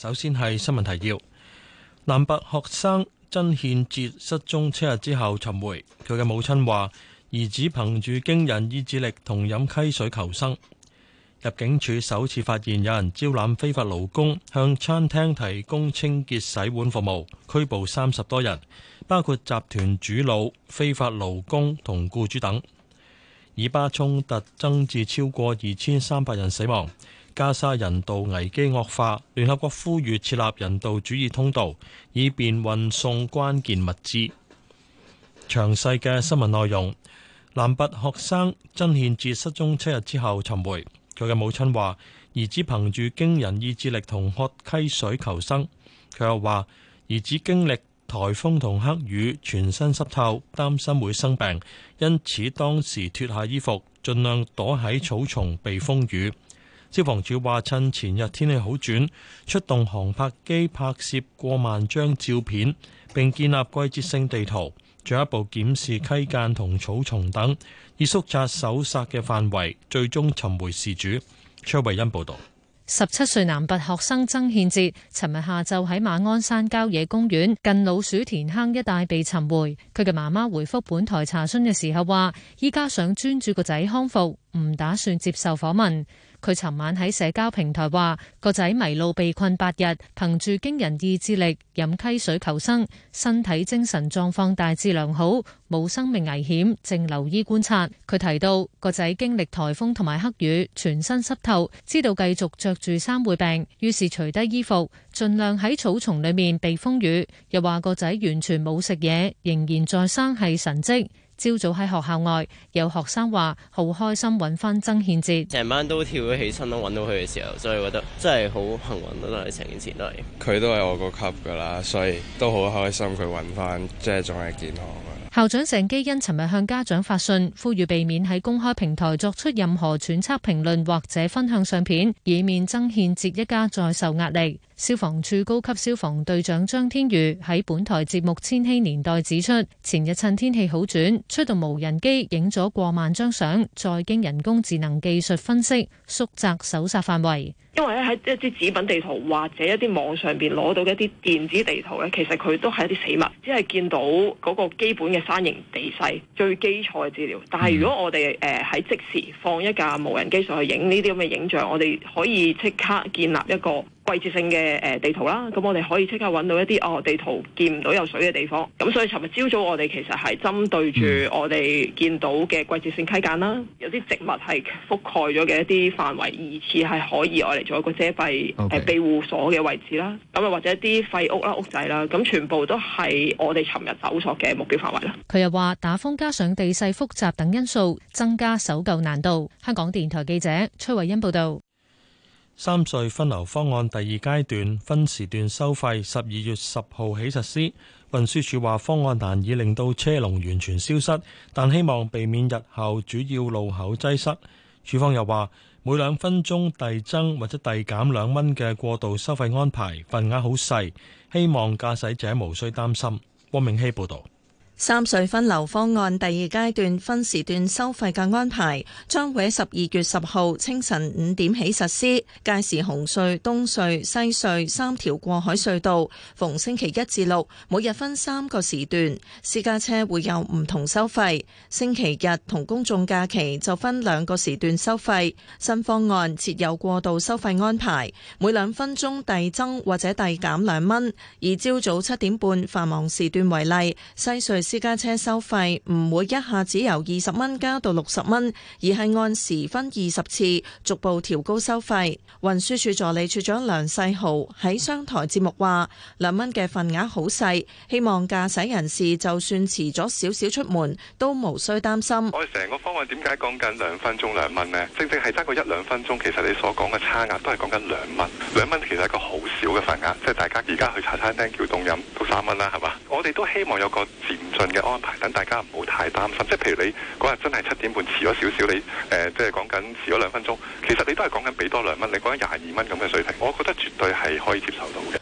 首先係新聞提要：南白學生曾憲哲失蹤七日之後尋回，佢嘅母親話：兒子憑住驚人意志力同飲溪水求生。入境處首次發現有人招攬非法勞工，向餐廳提供清潔洗碗服務，拘捕三十多人，包括集團主腦、非法勞工同僱主等。以巴衝突增至超過二千三百人死亡。加沙人道危機惡化，聯合國呼籲設立人道主義通道，以便運送關鍵物資。詳細嘅新聞內容。南拔學生曾憲志失蹤七日之後尋回，佢嘅母親話：兒子憑住驚人意志力同喝溪水求生。佢又話：兒子經歷台風同黑雨，全身濕透，擔心會生病，因此當時脫下衣服，盡量躲喺草叢避風雨。消防處話：趁前日天氣好轉，出動航拍機拍攝過萬張照片，並建立季節性地圖，進一步檢視溪澗同草叢等，以縮窄搜索嘅範圍，最終尋回事主。崔慧欣報道：十七歲男拔學生曾憲哲，尋日下晝喺馬鞍山郊野公園近老鼠田坑一帶被尋回。佢嘅媽媽回覆本台查詢嘅時候話：依家想專注個仔康復，唔打算接受訪問。佢尋晚喺社交平台話，個仔迷路被困八日，憑住驚人意志力飲溪水求生，身體精神狀況大致良好，冇生命危險，正留醫觀察。佢提到個仔經歷台風同埋黑雨，全身濕透，知道繼續着住衫會病，於是除低衣服，盡量喺草叢裏面避風雨。又話個仔完全冇食嘢，仍然在生係神蹟。朝早喺學校外，有學生話好開心揾翻曾憲捷，成晚都跳咗起身啦，揾到佢嘅時候，所以覺得真係好幸運啦！呢成件事都係，佢都係我個級噶啦，所以都好開心佢揾翻，即係仲係健康啊！校長鄭基恩尋日向家長發信，呼籲避免喺公開平台作出任何揣測評論或者分享相片，以免曾憲哲一家再受壓力。消防處高級消防隊長張天宇喺本台節目《千禧年代》指出，前日趁天氣好轉，出動無人機影咗過萬張相，再經人工智能技術分析，縮窄搜索範圍。因為喺一啲紙品地圖或者一啲網上邊攞到一啲電子地圖咧，其實佢都係一啲死物，只係見到嗰個基本嘅山形地勢，最基礎嘅資料。但係如果我哋誒喺即時放一架無人機上去影呢啲咁嘅影像，我哋可以即刻建立一個。季節性嘅誒地圖啦，咁我哋可以即刻揾到一啲哦地圖見唔到有水嘅地方，咁所以尋日朝早我哋其實係針對住我哋見到嘅季節性溪澗啦，嗯、有啲植物係覆蓋咗嘅一啲範圍，疑似係可以我嚟做一個遮蔽誒、呃、庇護所嘅位置啦。咁啊或者一啲廢屋啦，屋仔啦，咁全部都係我哋尋日搜索嘅目標範圍啦。佢又話打風加上地勢複雜等因素，增加搜救難度。香港電台記者崔慧欣報道。三隧分流方案第二階段分時段收費，十二月十號起實施。運輸署話方案難以令到車龍完全消失，但希望避免日後主要路口擠塞。署方又話，每兩分鐘遞增或者遞減兩蚊嘅過渡收費安排份額好細，希望駕駛者無需擔心。汪明希報道。三隧分流方案第二階段分時段收費嘅安排，將會喺十二月十號清晨五點起實施。屆時，紅隧、東隧、西隧三條過海隧道，逢星期一至六，每日分三個時段，私家車會有唔同收費。星期日同公眾假期就分兩個時段收費。新方案設有過渡收費安排，每兩分鐘遞增或者遞減兩蚊。以朝早七點半繁忙時段為例，西隧，私家車收費唔會一下子由二十蚊加到六十蚊，而係按時分二十次逐步調高收費。運輸署助理署長梁世豪喺商台節目話：兩蚊嘅份額好細，希望駕駛人士就算遲咗少少出門都無需擔心。我哋成個方案點解講緊兩分鐘兩蚊呢？正正係爭過一兩分鐘，其實你所講嘅差額都係講緊兩蚊。兩蚊其實係一個好少嘅份額，即係大家而家去茶餐廳叫凍飲都三蚊啦，係嘛？我哋都希望有個漸。嘅安排，等大家唔好太擔心。即係譬如你嗰日真係七點半遲咗少少，你誒、呃、即係講緊遲咗兩分鐘，其實你都係講緊俾多兩蚊，你講緊廿二蚊咁嘅水平，我覺得絕對係可以接受到嘅。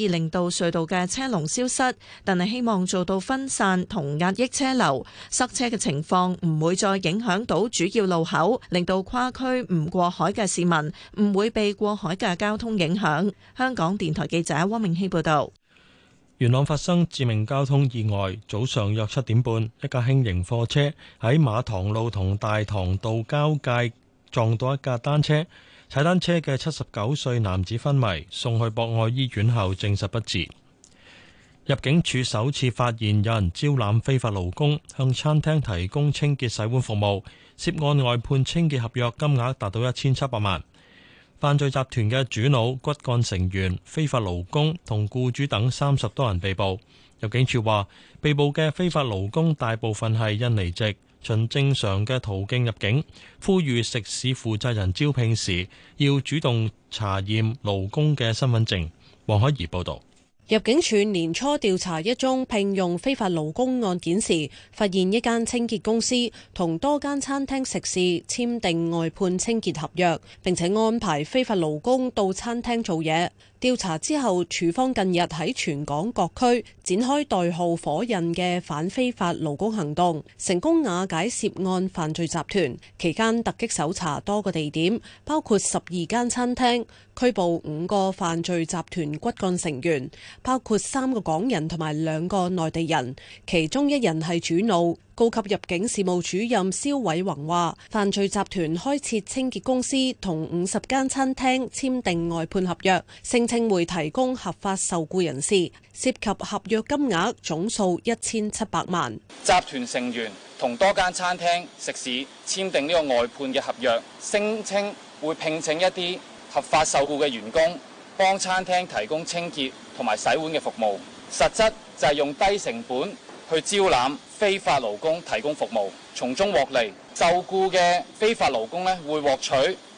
以令到隧道嘅車龍消失，但係希望做到分散同壓抑車流塞車嘅情況，唔會再影響到主要路口，令到跨區唔過海嘅市民唔會被過海嘅交通影響。香港電台記者汪明希報道：元朗發生致命交通意外，早上約七點半，一架輕型貨車喺馬塘路同大棠道交界撞到一架單車。踩單車嘅七十九歲男子昏迷，送去博愛醫院後證實不治。入境處首次發現有人招攬非法勞工，向餐廳提供清潔洗碗服務，涉案外判清潔合約金額達到一千七百萬。犯罪集團嘅主腦、骨幹成員、非法勞工同僱主等三十多人被捕。入境處話，被捕嘅非法勞工大部分係印尼籍。循正常嘅途徑入境，呼籲食肆負責人招聘時要主動查驗勞工嘅身份證。黃海怡報道。入境處年初調查一宗聘用非法勞工案件時，發現一間清潔公司同多間餐廳食肆簽訂外判清潔合約，並且安排非法勞工到餐廳做嘢。調查之後，處方近日喺全港各區展開代號「火印」嘅反非法勞工行動，成功瓦解涉案犯罪集團。期間突擊搜查多個地點，包括十二間餐廳，拘捕五個犯罪集團骨幹成員，包括三個港人同埋兩個內地人，其中一人係主腦。高級入境事務主任蕭偉宏話：犯罪集團開設清潔公司，同五十間餐廳簽訂外判合約，聲稱會提供合法受雇人士，涉及合約金額總數一千七百萬。集團成員同多間餐廳、食肆簽訂呢個外判嘅合約，聲稱會聘請一啲合法受雇嘅員工，幫餐廳提供清潔同埋洗碗嘅服務。實質就係用低成本去招攬。非法勞工提供服務，從中獲利。受僱嘅非法勞工呢，會獲取。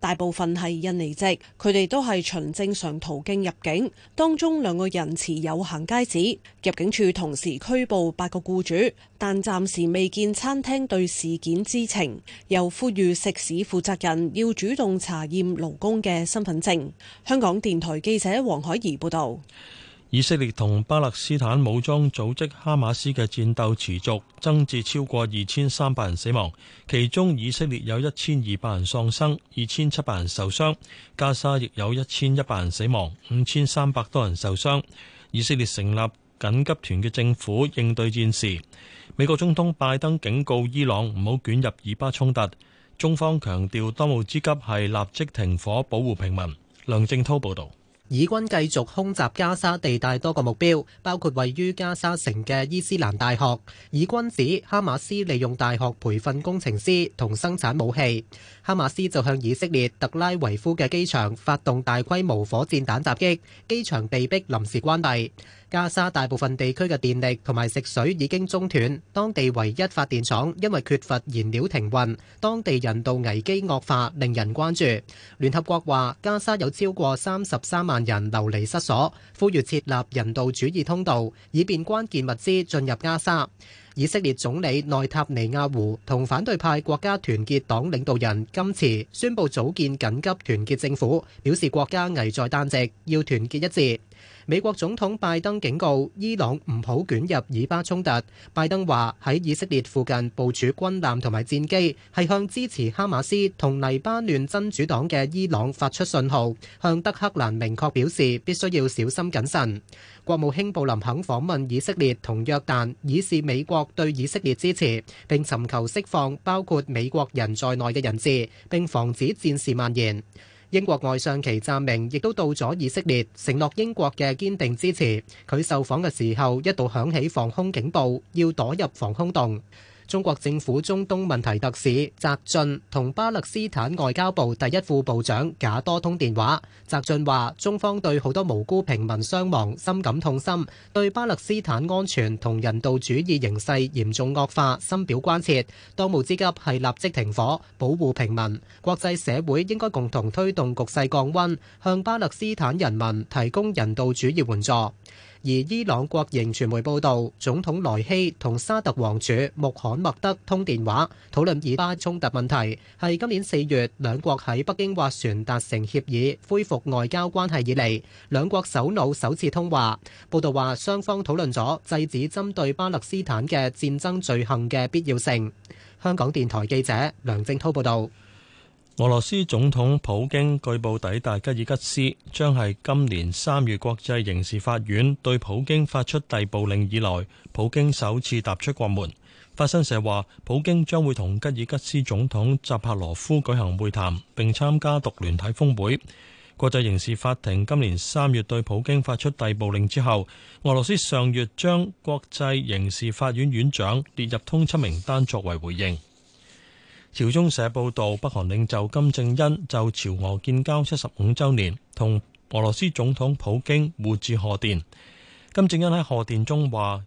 大部分係印尼籍，佢哋都係循正常途徑入境，當中兩個人持有行街紙。入境處同時拘捕八個僱主，但暫時未見餐廳對事件知情，又呼籲食肆負責人要主動查驗勞工嘅身份證。香港電台記者黃海怡報導。以色列同巴勒斯坦武裝組織哈馬斯嘅戰鬥持續，增至超過二千三百人死亡，其中以色列有一千二百人喪生，二千七百人受傷；加沙亦有一千一百人死亡，五千三百多人受傷。以色列成立緊急團嘅政府應對戰事。美國總統拜登警告伊朗唔好捲入以巴衝突。中方強調，當務之急係立即停火，保護平民。梁正濤報道。以軍繼續空襲加沙地帶多個目標，包括位於加沙城嘅伊斯蘭大學。以軍指哈馬斯利用大學培訓工程師同生產武器。哈馬斯就向以色列特拉維夫嘅機場發動大規模火箭彈襲擊，機場被迫臨時關閉。加沙大部分地區嘅電力同埋食水已經中斷，當地唯一發電廠因為缺乏燃料停運，當地人道危機惡化令人關注。聯合國話，加沙有超過三十三萬人流離失所，呼籲設立人道主義通道，以便關鍵物資進入加沙。以色列總理內塔尼亞胡同反對派國家團結黨領導人今次宣布組建緊急團結政府，表示國家危在旦夕，要團結一致。美國總統拜登警告伊朗唔好捲入以巴衝突拜登話喺以色列附近部署軍艦同埋戰機係向支持哈馬斯同黎巴嫩真主黨嘅伊朗發出信號向德黑蘭明確表示必須要小心謹慎國務卿布林肯訪問以色列同約旦以示美國對以色列支持並尋求釋放包括美國人在內嘅人質並防止戰事蔓延英國外相祁湛明，亦都到咗以色列，承諾英國嘅堅定支持。佢受訪嘅時候，一度響起防空警報，要躲入防空洞。中國政府中東問題特使澤俊同巴勒斯坦外交部第一副部長賈多通電話。澤俊話：中方對好多無辜平民傷亡深感痛心，對巴勒斯坦安全同人道主義形勢嚴重惡化深表關切。當務之急係立即停火，保護平民。國際社會應該共同推動局勢降溫，向巴勒斯坦人民提供人道主義援助。而伊朗國營傳媒報導，總統萊希同沙特王儲穆罕默德通電話，討論以巴衝突問題。係今年四月兩國喺北京劃船達成協議，恢復外交關係以嚟，兩國首腦首次通話。報導話，雙方討論咗制止針對巴勒斯坦嘅戰爭罪行嘅必要性。香港電台記者梁正滔報導。俄羅斯總統普京據報抵達吉爾吉斯，將係今年三月國際刑事法院對普京發出逮捕令以來，普京首次踏出國門。法新社話，普京將會同吉爾吉斯總統扎帕羅夫舉行會談，並參加獨聯體峰會。國際刑事法庭今年三月對普京發出逮捕令之後，俄羅斯上月將國際刑事法院院長列入通緝名單作為回應。朝中社報導，北韓領袖金正恩就朝俄建交七十五週年同俄羅斯總統普京互致賀電。金正恩喺賀電中話：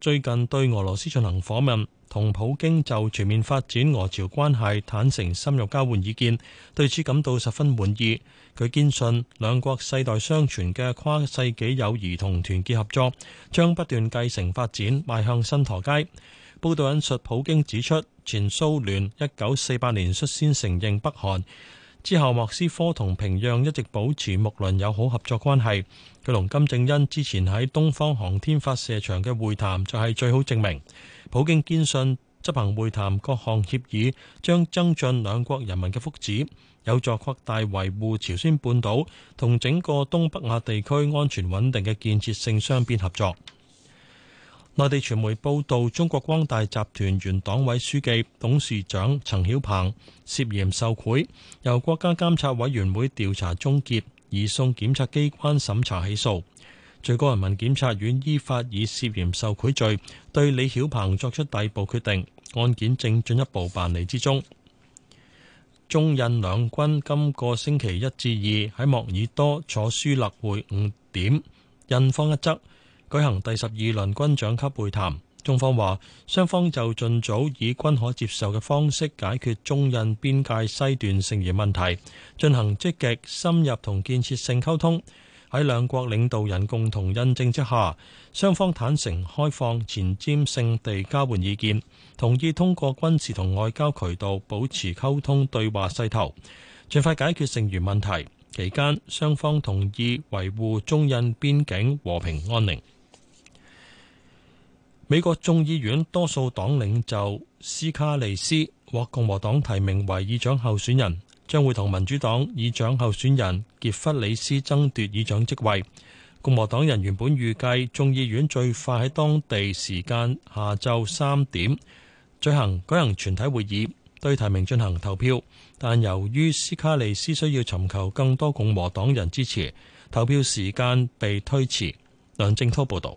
最近對俄羅斯進行訪問，同普京就全面發展俄朝關係坦誠深入交換意見，對此感到十分滿意。佢堅信兩國世代相傳嘅跨世紀友誼同團結合作將不斷繼承發展，邁向新台階。報道引述普京指出，前蘇聯一九四八年率先承認北韓，之後莫斯科同平壤一直保持睦鄰友好合作關係。佢同金正恩之前喺東方航天發射場嘅會談就係最好證明。普京堅信執行會談各項協議將增進兩國人民嘅福祉，有助擴大維護朝鮮半島同整個東北亞地區安全穩定嘅建設性雙邊合作。內地傳媒報道，中國光大集團原黨委書記、董事長李曉鵬涉嫌受賄，由國家監察委員會調查終結，移送檢察機關審查起訴。最高人民檢察院依法以涉嫌受賄罪對李曉鵬作出逮捕決定，案件正進一步辦理之中。中印兩軍今個星期一至二喺莫爾多楚舒勒會晤點，印方一側，舉行第十二輪軍長級會談，中方話雙方就盡早以均可接受嘅方式解決中印邊界西段剩餘問題，進行積極深入同建設性溝通。喺兩國領導人共同印證之下，雙方坦誠開放、前瞻性地交換意見，同意通過軍事同外交渠道保持溝通對話勢頭，盡快解決剩餘問題。期間，雙方同意維護中印邊境和平安寧。美國眾議院多數黨領袖斯卡利斯獲共和黨提名為議長候選人，將會同民主黨議長候選人傑弗里斯爭奪議長職位。共和黨人原本預計眾議院最快喺當地時間下晝三點舉行舉行全體會議，對提名進行投票。但由於斯卡利斯需要尋求更多共和黨人支持，投票時間被推遲。梁正濤報道。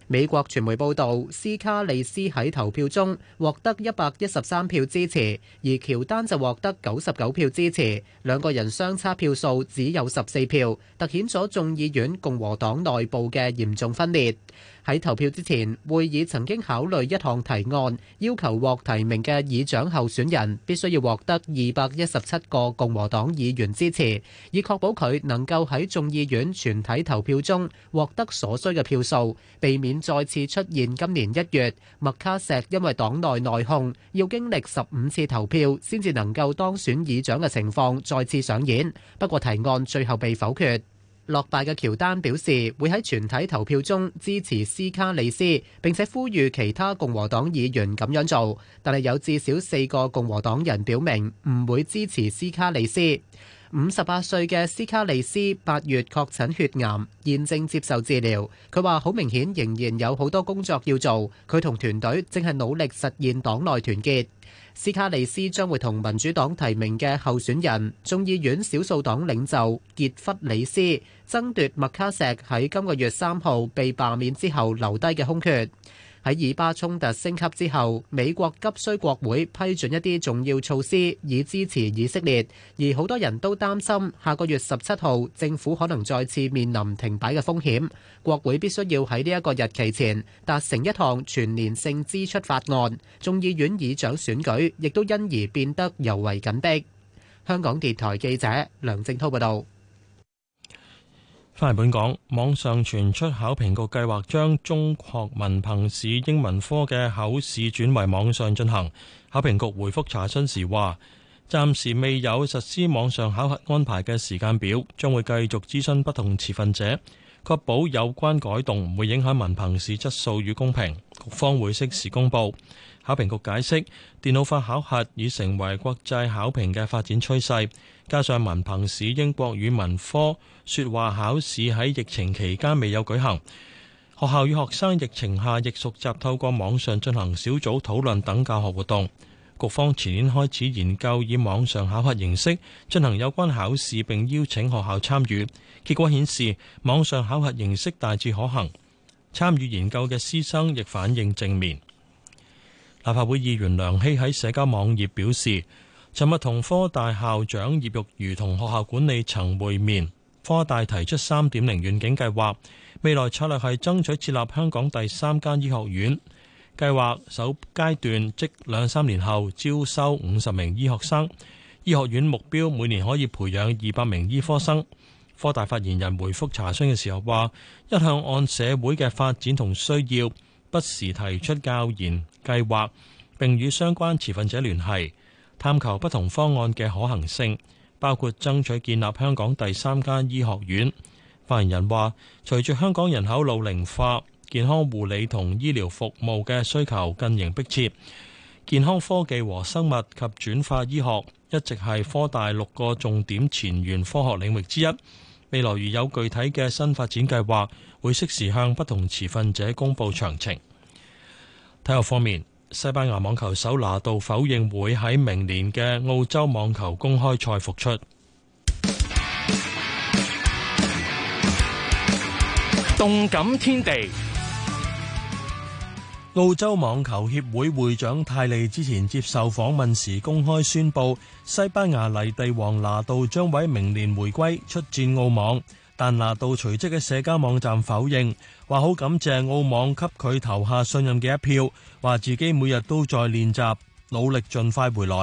美國傳媒報導，斯卡利斯喺投票中獲得一百一十三票支持，而喬丹就獲得九十九票支持，兩個人相差票數只有十四票，突顯咗眾議院共和黨內部嘅嚴重分裂。喺投票之前，會議曾經考慮一項提案，要求獲提名嘅議長候選人必須要獲得二百一十七個共和黨議員支持，以確保佢能夠喺眾議院全體投票中獲得所需嘅票數，避免再次出現今年一月麥卡錫因為黨內內訌要經歷十五次投票先至能夠當選議長嘅情況再次上演。不過提案最後被否決。落敗嘅喬丹表示會喺全體投票中支持斯卡利斯，並且呼籲其他共和黨議員咁樣做。但係有至少四個共和黨人表明唔會支持斯卡利斯。五十八歲嘅斯卡利斯八月確診血癌，現正接受治療。佢話好明顯仍然有好多工作要做，佢同團隊正係努力實現黨內團結。斯卡利斯將會同民主黨提名嘅候選人、眾議院少數黨領袖傑弗里斯。爭奪麥卡錫喺今個月三號被罷免之後留低嘅空缺，喺以巴衝突升級之後，美國急需國會批准一啲重要措施以支持以色列，而好多人都擔心下個月十七號政府可能再次面臨停擺嘅風險。國會必須要喺呢一個日期前達成一項全年性支出法案，眾議院議長選舉亦都因而變得尤為緊迫。香港電台記者梁正濤報導。返嚟本港，網上傳出考評局計劃將中學文憑試英文科嘅考試轉為網上進行。考評局回覆查詢時話，暫時未有實施網上考核安排嘅時間表，將會繼續諮詢不同持份者，確保有關改動唔會影響文憑試質素與公平。局方會適時公佈。考評局解釋，電腦化考核已成為國際考評嘅發展趨勢。加上文憑試英國語文科說話考試喺疫情期間未有舉行，學校與學生疫情下亦熟習透過網上進行小組討論等教學活動。局方前年開始研究以網上考核形式進行有關考試，並邀請學校參與。結果顯示，網上考核形式大致可行，參與研究嘅師生亦反應正面。立法會議員梁希喺社交網頁表示，尋日同科大校長葉玉如同學校管理層會面，科大提出3.0願景計劃，未來策略係爭取設立香港第三間醫學院。計劃首階段即兩三年後招收五十名醫學生，醫學院目標每年可以培養二百名醫科生。科大發言人回覆查詢嘅時候話：一向按社會嘅發展同需要。不時提出教研計劃，並與相關持份者聯繫，探求不同方案嘅可行性，包括爭取建立香港第三間醫學院。發言人話：隨住香港人口老齡化，健康護理同醫療服務嘅需求更形迫切。健康科技和生物及轉化醫學一直係科大六個重點前沿科學領域之一。未來如有具體嘅新發展計劃，會適時向不同持份者公佈詳情。體育方面，西班牙網球手拿度否認會喺明年嘅澳洲網球公開賽復出。動感天地。澳洲網球協會會長泰利之前接受訪問時公開宣布，西班牙泥地王拿度將會明年回歸出戰澳網，但拿度隨即嘅社交網站否認，話好感謝澳網給佢投下信任嘅一票，話自己每日都在練習，努力盡快回來。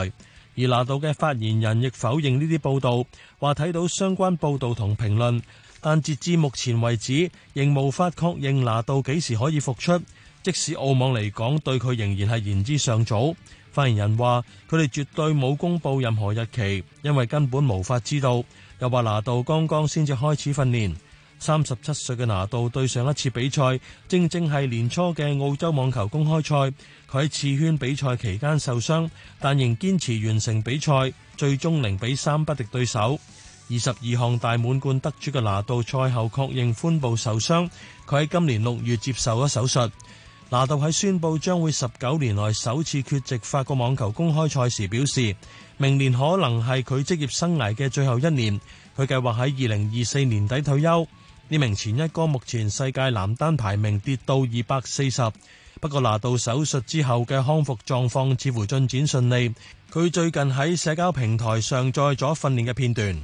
而拿度嘅發言人亦否認呢啲報道，話睇到相關報道同評論，但截至目前為止仍無法確認拿度幾時可以復出。即使澳網嚟講，對佢仍然係言之尚早。發言人話：佢哋絕對冇公布任何日期，因為根本無法知道。又話拿度剛剛先至開始訓練。三十七歲嘅拿度對上一次比賽，正正係年初嘅澳洲網球公開賽。佢喺次圈比賽期間受傷，但仍堅持完成比賽，最終零比三不敵對手。二十二項大滿貫得主嘅拿度賽後確認髖部受傷，佢喺今年六月接受咗手術。拿度喺宣布將會十九年來首次缺席法國網球公開賽時表示，明年可能係佢職業生涯嘅最後一年，佢計劃喺二零二四年底退休。呢名前一哥目前世界男單排名跌到二百四十，不過拿度手術之後嘅康復狀況似乎進展順利，佢最近喺社交平台上載咗訓練嘅片段。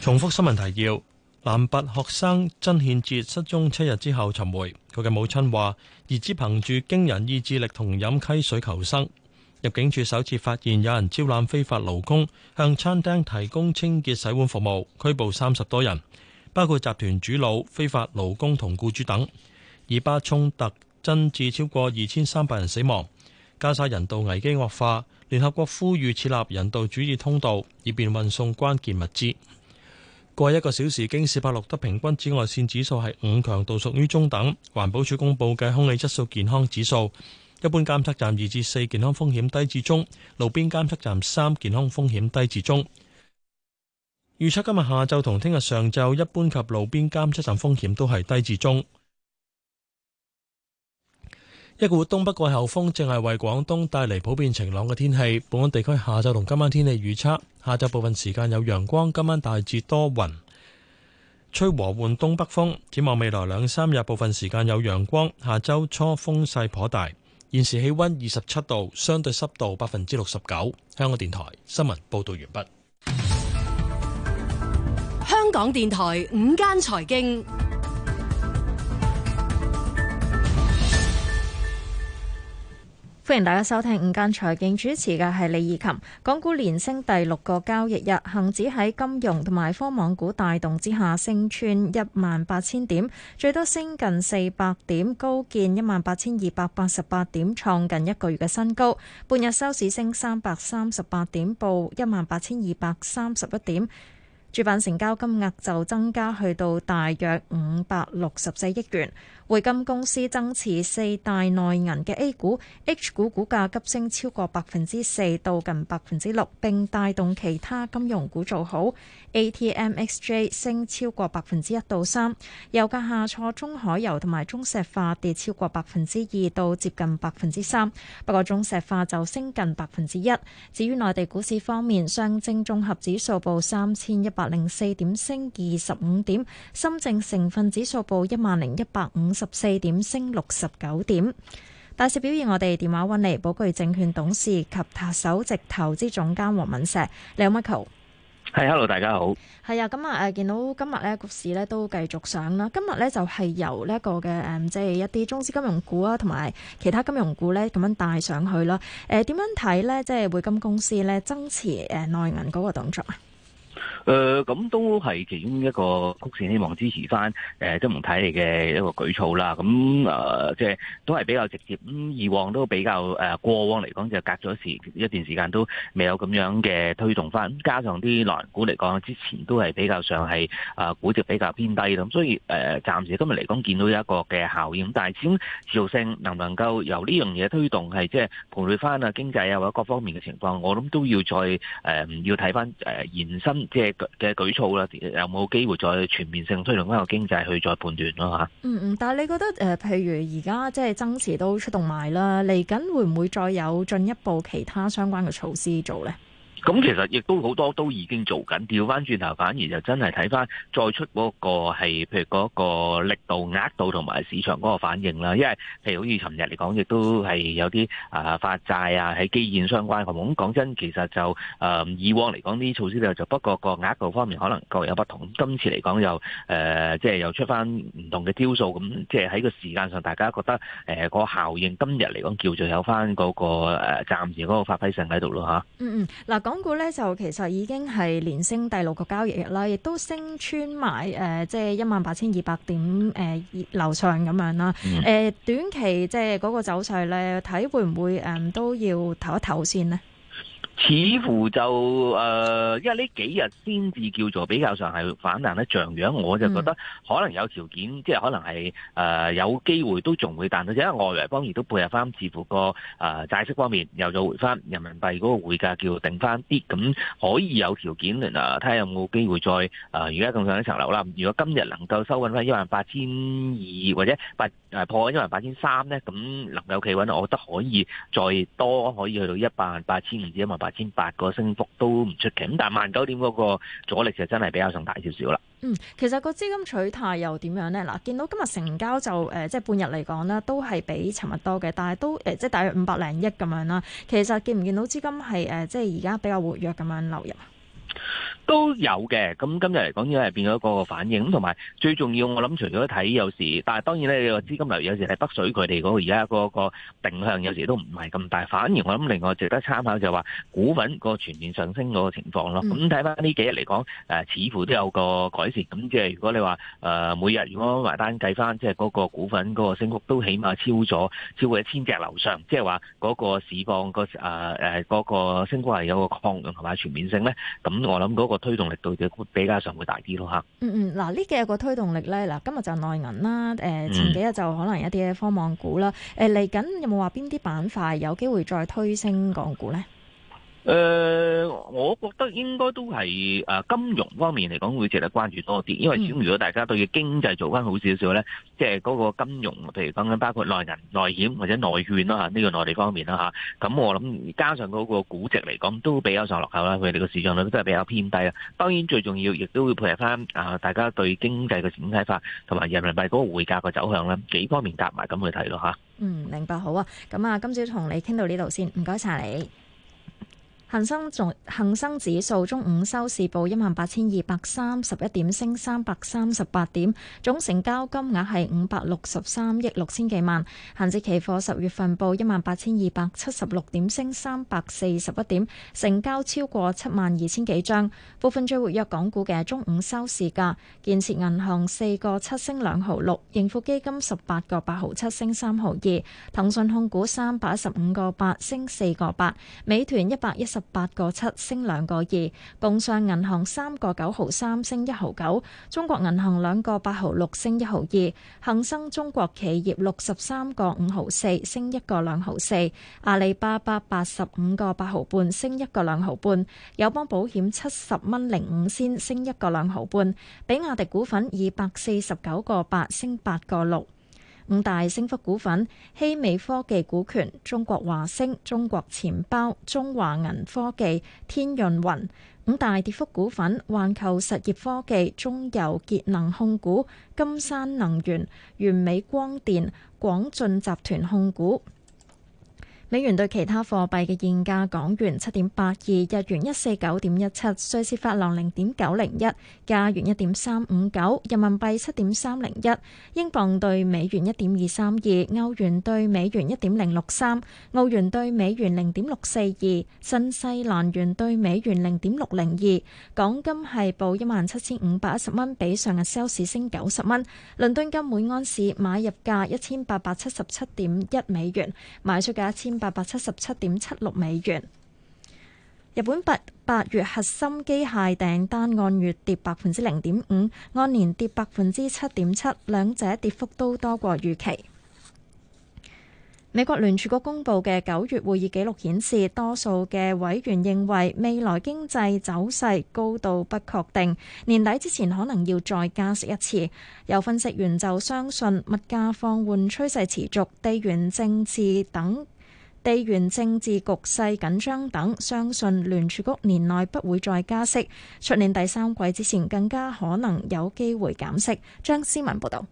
重複新聞提要。南拔學生曾憲哲失蹤七日之後尋回，佢嘅母親話：兒子憑住驚人意志力同飲溪水求生。入境處首次發現有人招攬非法勞工，向餐廳提供清潔洗碗服務，拘捕三十多人，包括集團主腦、非法勞工同僱主等。以巴衝突增至超過二千三百人死亡，加沙人道危機惡化，聯合國呼籲設立人道主義通道，以便運送關鍵物資。過一個小時，京士柏錄得平均紫外線指數係五強度，屬於中等。環保署公布嘅空氣質素健康指數，一般監測站二至四，健康風險低至中；路邊監測站三，健康風險低至中。預測今日下晝同聽日上晝，一般及路邊監測站風險都係低至中。一股東北季候風正係為廣東帶嚟普遍晴朗嘅天氣。本港地區下晝同今晚天氣預測：下晝部分時間有陽光，今晚大致多雲，吹和緩東北風。展望未來兩三日，部分時間有陽光。下周初風勢頗大。現時氣溫二十七度，相對濕度百分之六十九。香港電台新聞報道完畢。香港電台午間財經。歡迎大家收聽午間財經，主持嘅係李以琴。港股連升第六個交易日，恒指喺金融同埋科網股帶動之下，升穿一萬八千點，最多升近四百點，高見一萬八千二百八十八點，創近一個月嘅新高。半日收市升三百三十八點，報一萬八千二百三十一點。主板成交金額就增加去到大約五百六十四億元。匯金公司增持四大內銀嘅 A 股、H 股股價急升超過百分之四到近百分之六，並帶動其他金融股做好。ATMXJ 升超過百分之一到三。油價下挫，中海油同埋中石化跌超過百分之二到接近百分之三。不過中石化就升近百分之一。至於內地股市方面，上證綜合指數報三千一百零四點，升二十五點；深證成分指數報一萬零一百五十四點，升六十九點，大市表現我。我哋電話揾你，寶具證券董事及塔首席投資總監黃敏石，你好，Michael，Hello、hey, 大家好，係啊。咁啊，誒，見到今日呢股市呢都繼續上啦。今日呢就係由呢一個嘅即係一啲中資金融股啊，同埋其他金融股呢咁樣帶上去啦。誒，點樣睇呢？即係匯金公司呢，增持誒內銀嗰個動作啊？誒咁、呃、都係其中一個曲線，希望支持翻誒都唔睇你嘅一個舉措啦。咁誒即係都係比較直接。咁以往都比較誒、呃、過往嚟講，就隔咗時一段時間都未有咁樣嘅推動翻。加上啲內銀股嚟講，之前都係比較上係誒估值比較偏低啦。咁所以誒、呃、暫時今日嚟講見到一個嘅效應，但係持續性能唔能夠由呢樣嘢推動係即係盤滯翻啊經濟啊或者各方面嘅情況，我諗都要再誒、呃、要睇翻誒延伸即係。就是嘅舉措啦，有冇機會再全面性推動一個經濟去再判斷咯嚇？嗯嗯，但係你覺得誒、呃，譬如而家即係增持都出動埋啦，嚟緊會唔會再有進一步其他相關嘅措施做咧？咁其實亦都好多都已經做緊，調翻轉頭反而就真係睇翻再出嗰個係，譬如嗰個力度、額度同埋市場嗰個反應啦。因為譬如好似尋日嚟講，亦都係有啲啊發債啊，喺基建相關項目。咁講真，其實就誒以往嚟講啲措施就，就不過個額度方面可能各有不同。今次嚟講又誒，即、呃、係、即係、又出翻唔同嘅招數，咁即係喺個時間上，大家覺得誒個效應今日嚟講，叫做有翻嗰個誒暫時嗰個發揮性喺度咯嚇。嗯嗯，嗱。港股咧就其實已經係連升第六個交易日啦，亦都升穿埋誒、呃，即係一萬八千二百點誒樓、呃、上咁樣啦。誒、呃、短期即係嗰個走勢咧，睇會唔會誒、嗯、都要唞一唞先呢？似乎就誒、呃，因為呢幾日先至叫做比較上係反彈得像樣，我就覺得可能有條件，即係可能係誒、呃、有機會都仲會彈到，而且因為外圍方面都配合翻，似乎個誒、呃、債息方面又再回翻，人民幣嗰個匯價叫定翻啲，咁可以有條件嚟睇下有冇機會再誒，而家咁上一層樓啦。如果今日能夠收穩翻一萬八千二或者八誒破一萬八千三咧，咁能夠企穩，我覺得可以再多可以去到一萬八千五至一萬八千八個升幅都唔出奇，咁但係萬九點嗰個阻力就真係比較重大少少啦。嗯，其實個資金取態又點樣咧？嗱，見到今日成交就誒、呃，即係半日嚟講啦，都係比尋日多嘅，但係都誒、呃，即係大約五百零億咁樣啦。其實見唔見到資金係誒、呃，即係而家比較活躍咁樣流入？都有嘅，咁今日嚟講應該係變咗一個反應，咁同埋最重要我諗，除咗睇有時，但係當然咧，你個資金流有時係北水佢哋嗰個而家、嗰個定向，有時都唔係咁大。反而我諗另外值得參考就係話，股份個全面上升嗰個情況咯。咁睇翻呢幾日嚟講，誒、呃、似乎都有個改善。咁即係如果你話誒、呃、每日如果埋單計翻，即係嗰個股份嗰個升幅都起碼超咗超過一千隻樓上，即係話嗰個市況誒誒嗰個升幅係有個抗同埋全面性咧，咁。我諗嗰個推動力度嘅比較上會大啲咯，吓。嗯、呃、嗯，嗱呢幾個推動力咧，嗱今日就內銀啦，誒前幾日就可能一啲嘅科網股啦，誒嚟緊有冇話邊啲板塊有機會再推升港股咧？誒、呃，我覺得應該都係誒，金融方面嚟講會值得關注多啲，因為如果大家對嘅經濟做翻好少少咧，嗯、即係嗰個金融，譬如講緊包括內銀、內險或者內券啦吓，呢、嗯、個內地方面啦吓，咁、啊、我諗加上嗰個估值嚟講都比較上落後啦，佢哋個市佔率都都係比較偏低啊。當然最重要亦都會配合翻啊，大家對經濟嘅整體法，同埋人民幣嗰個匯價嘅走向咧，幾方面搭埋咁去睇咯吓。啊、嗯，明白好啊。咁啊，今朝同你傾到呢度先，唔該晒你。恒生仲恒生指數中午收市報一萬八千二百三十一點，升三百三十八點，總成交金額係五百六十三億六千幾萬。恒指期貨十月份報一萬八千二百七十六點，升三百四十一點，成交超過七萬二千幾張。部分最活躍港股嘅中午收市價：建設銀行四個七升兩毫六，盈富基金十八個八毫七升三毫二，騰訊控股三百一十五個八升四個八，美團一百一十。八個七升兩個二，工商銀行三個九毫三升一毫九，中國銀行兩個八毫六升一毫二，恒生中國企業六十三個五毫四升一個兩毫四，阿里巴巴八十五個八毫半升一個兩毫半，友邦保險七十蚊零五仙升一個兩毫半，比亞迪股份二百四十九個八升八個六。五大升幅股份：希美科技、股權、中國華星、中國錢包、中華銀科技、天潤雲。五大跌幅股份：環球實業科技、中油潔能控股、金山能源、完美光電、廣駿集團控股。美元對其他貨幣嘅現價：港元七點八二，日元一四九點一七，瑞士法郎零點九零一，加元一點三五九，人民幣七點三零一，英鎊對美元一點二三二，歐元對美元一點零六三，澳元對美元零點六四二，新西蘭元對美元零點六零二。港金係報一萬七千五百一十蚊，比上日收市升九十蚊。倫敦金每安士買入價一千八百七十七點一美元，賣出價一千八百七十七點七六美元。日本八八月核心機械訂單按月跌百分之零點五，按年跌百分之七點七，兩者跌幅都多過預期。美國聯儲局公布嘅九月會議紀錄顯示，多數嘅委員認為未來經濟走勢高度不確定，年底之前可能要再加息一次。有分析員就相信物價放緩趨勢持續，地緣政治等。地緣政治局勢緊張等，相信聯儲局年內不會再加息，出年第三季之前更加可能有機會減息。張思文報導。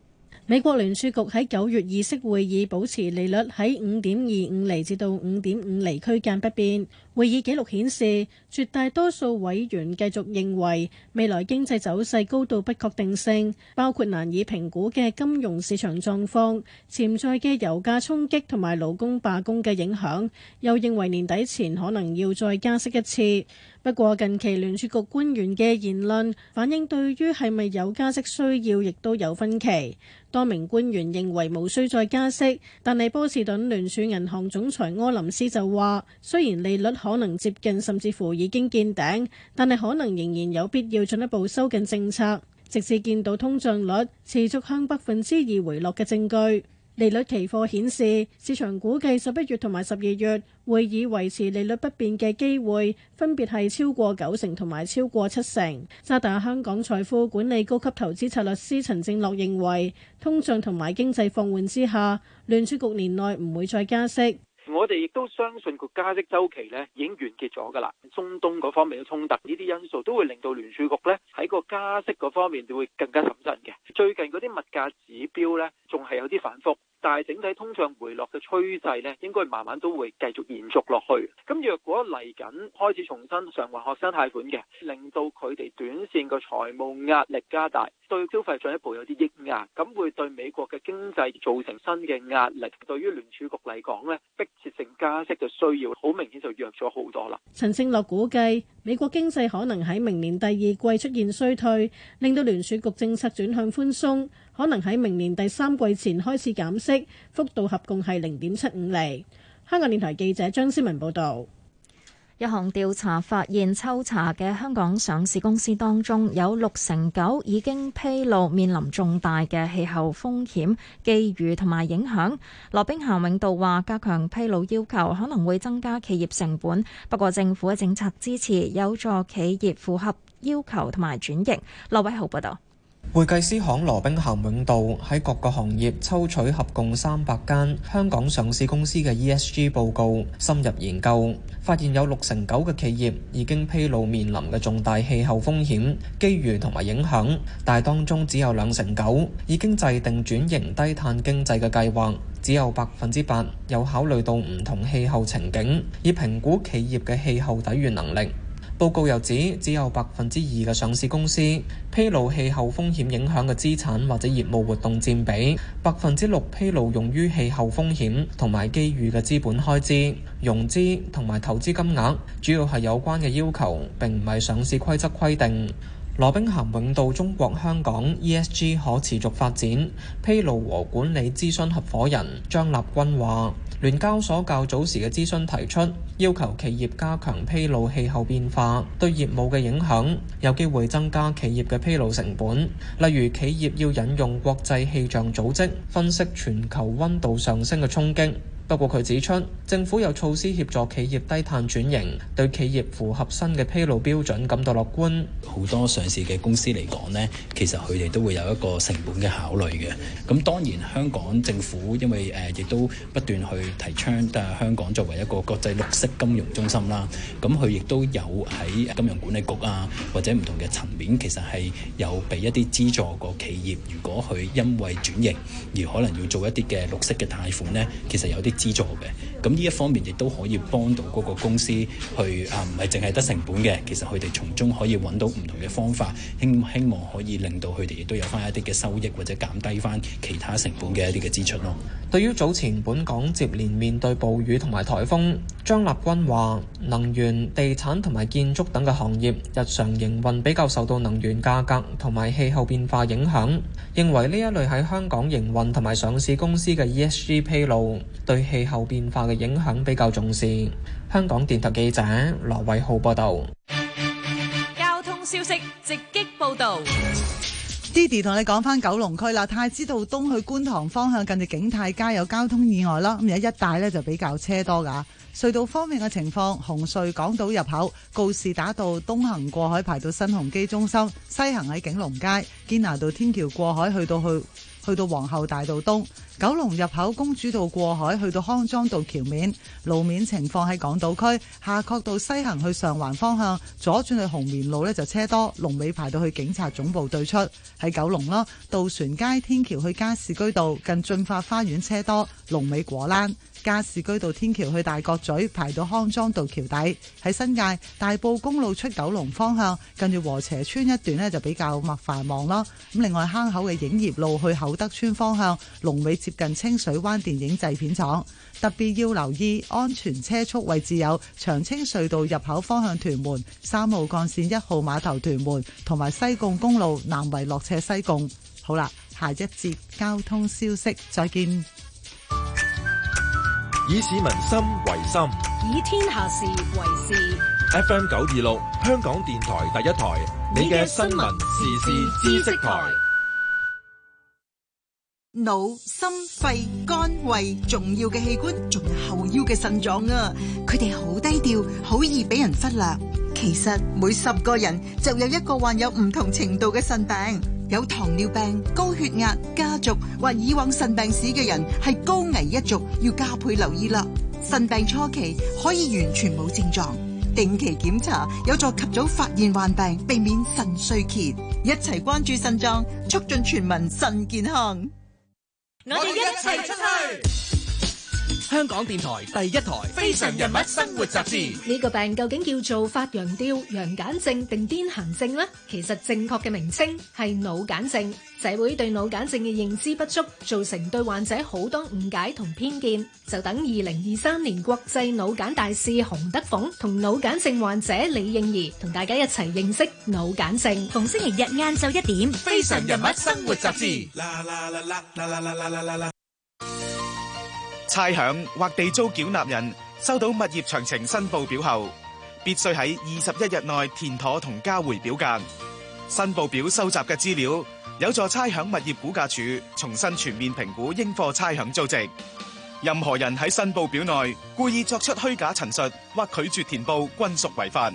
美國聯儲局喺九月議息會議保持利率喺五點二五厘至到五點五厘區間不變。會議紀錄顯示，絕大多數委員繼續認為未來經濟走勢高度不確定性，包括難以評估嘅金融市場狀況、潛在嘅油價衝擊同埋勞工罷工嘅影響，又認為年底前可能要再加息一次。不過近期聯儲局官員嘅言論反映，對於係咪有加息需要，亦都有分歧。多名官員認為無需再加息，但係波士頓聯儲銀行總裁柯林斯就話，雖然利率可能接近甚至乎已經見頂，但係可能仍然有必要進一步收緊政策，直至見到通脹率持續向百分之二回落嘅證據。利率期貨顯示，市場估計十一月同埋十二月會議維持利率不變嘅機會分別係超過九成同埋超過七成。渣打香港財富管理高級投資策略師陳正樂認為通脹同埋經濟放緩之下，聯儲局年內唔會再加息。我哋亦都相信個加息周期咧已經完結咗噶啦。中東嗰方面嘅衝突呢啲因素都會令到聯儲局咧喺個加息嗰方面就會更加審慎嘅。最近嗰啲物價指標咧仲係有啲反复。但係整體通脹回落嘅趨勢咧，應該慢慢都會繼續延續落去。咁若果嚟緊開始重新償還學生貸款嘅，令到佢哋短線嘅財務壓力加大，對消費進一步有啲抑壓，咁會對美國嘅經濟造成新嘅壓力。對於聯儲局嚟講咧，迫切性加息就需要好明顯就弱咗好多啦。陳盛樂估計美國經濟可能喺明年第二季出現衰退，令到聯儲局政策轉向寬鬆。可能喺明年第三季前開始減息，幅度合共係零點七五厘。香港電台記者張思文報道。一項調查發現，抽查嘅香港上市公司當中，有六成九已經披露面臨重大嘅氣候風險、機遇同埋影響，羅兵咸永道話：加強披露要求可能會增加企業成本，不過政府嘅政策支持有助企業符合要求同埋轉型。羅偉豪報道。會計師行羅兵咸永道喺各個行業抽取合共三百間香港上市公司嘅 ESG 報告，深入研究，發現有六成九嘅企業已經披露面臨嘅重大氣候風險、機遇同埋影響，但係當中只有兩成九已經制定轉型低碳經濟嘅計劃，只有百分之八有考慮到唔同氣候情景，以評估企業嘅氣候抵御能力。報告又指，只有百分之二嘅上市公司披露氣候風險影響嘅資產或者業務活動佔比，百分之六披露用於氣候風險同埋機遇嘅資本開支、融資同埋投資金額，主要係有關嘅要求，並唔係上市規則規定。羅兵咸永道中國香港 ESG 可持續發展披露和管理諮詢合伙人張立軍話，聯交所較早時嘅諮詢提出要求，企業加強披露氣候變化對業務嘅影響，有機會增加企業嘅披露成本，例如企業要引用國際氣象組織分析全球溫度上升嘅衝擊。不過佢指出，政府有措施協助企業低碳轉型，對企業符合新嘅披露標準感到樂觀。好多上市嘅公司嚟講呢，其實佢哋都會有一個成本嘅考慮嘅。咁當然，香港政府因為誒亦、呃、都不斷去提倡，但係香港作為一個國際綠色金融中心啦，咁佢亦都有喺金融管理局啊，或者唔同嘅層面，其實係有俾一啲資助個企業，如果佢因為轉型而可能要做一啲嘅綠色嘅貸款呢，其實有啲資助嘅，咁呢一方面亦都可以幫到嗰個公司去啊，唔係淨係得成本嘅，其實佢哋從中可以揾到唔同嘅方法，希希望可以令到佢哋亦都有翻一啲嘅收益，或者減低翻其他成本嘅一啲嘅支出咯。對於早前本港接連面對暴雨同埋颱風，張立軍話：能源、地產同埋建築等嘅行業，日常營運比較受到能源價格同埋氣候變化影響。認為呢一類喺香港營運同埋上市公司嘅 ESG 披露，對氣候變化嘅影響比較重視。香港電台記者羅偉浩報道。交通消息直擊報道。Didi 同你講翻九龍區啦，太子道東去觀塘方向近住景泰街有交通意外啦，咁而家一帶咧就比較車多噶。隧道方面嘅情況，紅隧港島入口告士打道東行過海排到新鴻基中心，西行喺景隆街堅拿道天橋過海去到去去到皇后大道東。九龍入口公主道過海去到康莊道橋面，路面情況，喺港島區夏慤道西行去上環方向左轉去紅棉路呢，就車多龍尾排到去警察總部對出。喺九龍咯，渡船街天橋去加士居道近駿發花園車多龍尾果欄，加士居道天橋去大角咀排到康莊道橋底。喺新界大埔公路出九龍方向跟住禾輋邨一段呢，就比較麻繁忙咯。咁另外坑口嘅影業路去厚德邨方向龍尾。龍接近清水灣電影製片廠，特別要留意安全車速位置，有長青隧道入口方向屯門、三號幹線、一號碼頭屯門同埋西貢公路南圍落斜西貢。好啦，下一節交通消息，再見。以市民心為心，以天下事為事。FM 九二六，香港電台第一台，你嘅新聞時事知識台。腦、心、肺、肝、胃，重要嘅器官，仲有後腰嘅腎臟啊！佢哋好低調，好易俾人忽略。其實每十個人就有一個患有唔同程度嘅腎病。有糖尿病、高血壓、家族或以往腎病史嘅人係高危一族，要加倍留意啦。腎病初期可以完全冇症狀，定期檢查有助及早發現患病，避免腎衰竭。一齊關注腎臟，促進全民腎健康。我哋一齊出去。香港電台第一台《非常人物生活雜誌》呢個病究竟叫做發羊吊、羊癇症定癲行症呢？其實正確嘅名稱係腦癇症。社會對腦癇症嘅認知不足，造成對患者好多誤解同偏見。就等二零二三年國際腦癇大使洪德鳳同腦癇症患者李應兒同大家一齊認識腦癇症。逢星期日晏晝一點，《非常人物生活雜誌》。差餉或地租繳納人收到物業詳情申報表後，必須喺二十一日內填妥同交回表格。申報表收集嘅資料有助差餉物業估價署重新全面評估應課差餉租值。任何人喺申報表內故意作出虛假陳述或拒絕填報，均屬違法。